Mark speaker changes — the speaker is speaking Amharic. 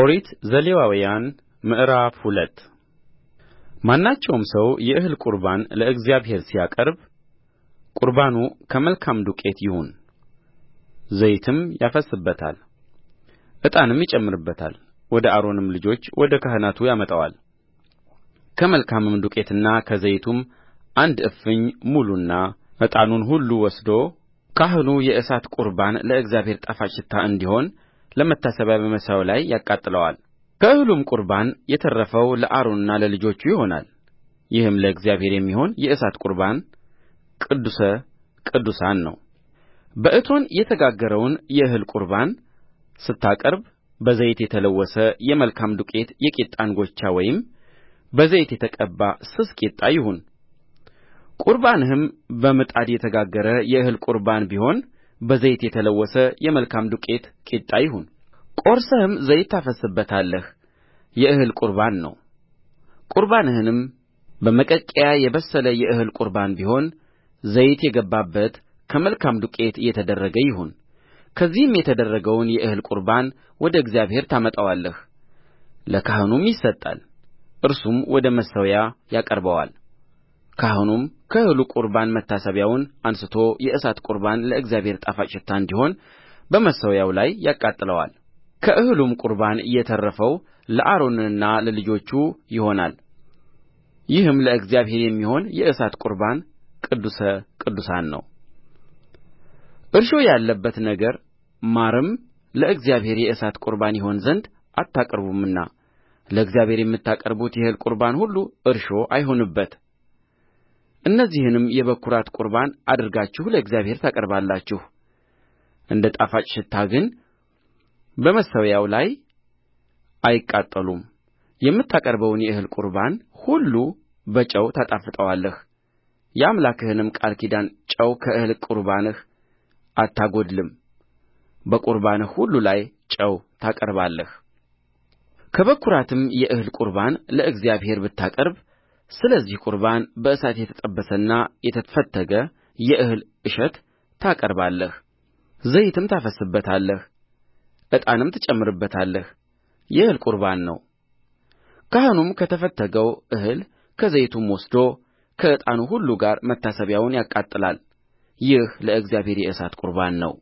Speaker 1: ኦሪት ዘሌዋውያን ምዕራፍ ሁለት ማናቸውም ሰው የእህል ቍርባን ለእግዚአብሔር ሲያቀርብ ቍርባኑ ከመልካም ዱቄት ይሁን፣ ዘይትም ያፈስስበታል፣ ዕጣንም ይጨምርበታል። ወደ አሮንም ልጆች ወደ ካህናቱ ያመጣዋል። ከመልካምም ዱቄትና ከዘይቱም አንድ እፍኝ ሙሉና ዕጣኑን ሁሉ ወስዶ ካህኑ የእሳት ቍርባን ለእግዚአብሔር ጣፋጭ ሽታ እንዲሆን ለመታሰቢያ በመሠዊያው ላይ ያቃጥለዋል ከእህሉም ቍርባን የተረፈው ለአሮንና ለልጆቹ ይሆናል ይህም ለእግዚአብሔር የሚሆን የእሳት ቍርባን ቅዱስ ቅዱሳን ነው በእቶን የተጋገረውን የእህል ቍርባን ስታቀርብ በዘይት የተለወሰ የመልካም ዱቄት የቂጣ እንጎቻ ወይም በዘይት የተቀባ ስስ ቂጣ ይሁን ቍርባንህም በምጣድ የተጋገረ የእህል ቍርባን ቢሆን በዘይት የተለወሰ የመልካም ዱቄት ቂጣ ይሁን ቈርሰህም ዘይት ታፈስስበታለህ የእህል ቍርባን ነው ቁርባንህንም በመቀቀያ የበሰለ የእህል ቍርባን ቢሆን ዘይት የገባበት ከመልካም ዱቄት የተደረገ ይሁን ከዚህም የተደረገውን የእህል ቍርባን ወደ እግዚአብሔር ታመጣዋለህ ለካህኑም ይሰጣል እርሱም ወደ መሠዊያው ያቀርበዋል ካህኑም ከእህሉ ቍርባን መታሰቢያውን አንሥቶ የእሳት ቍርባን ለእግዚአብሔር ጣፋጭ ሽታ እንዲሆን በመሠዊያው ላይ ያቃጥለዋል ከእህሉም ቍርባን የተረፈው ለአሮንና ለልጆቹ ይሆናል ይህም ለእግዚአብሔር የሚሆን የእሳት ቍርባን ቅዱስ ቅዱሳን ነው እርሾ ያለበት ነገር ማርም ለእግዚአብሔር የእሳት ቍርባን ይሆን ዘንድ አታቀርቡምና ለእግዚአብሔር የምታቀርቡት የእህል ቍርባን ሁሉ እርሾ አይሁንበት እነዚህንም የበኵራት ቁርባን አድርጋችሁ ለእግዚአብሔር ታቀርባላችሁ እንደ ጣፋጭ ሽታ ግን በመሠዊያው ላይ አይቃጠሉም የምታቀርበውን የእህል ቁርባን ሁሉ በጨው ታጣፍጠዋለህ የአምላክህንም ቃል ኪዳን ጨው ከእህል ቁርባንህ አታጐድልም በቁርባንህ ሁሉ ላይ ጨው ታቀርባለህ ከበኵራትም የእህል ቁርባን ለእግዚአብሔር ብታቀርብ ስለዚህ ቍርባን በእሳት የተጠበሰና የተፈተገ የእህል እሸት ታቀርባለህ ዘይትም ታፈስስበታለህ ዕጣንም ትጨምርበታለህ የእህል ቍርባን ነው ካህኑም ከተፈተገው እህል ከዘይቱም ወስዶ ከዕጣኑ ሁሉ ጋር መታሰቢያውን ያቃጥላል ይህ ለእግዚአብሔር የእሳት ቍርባን ነው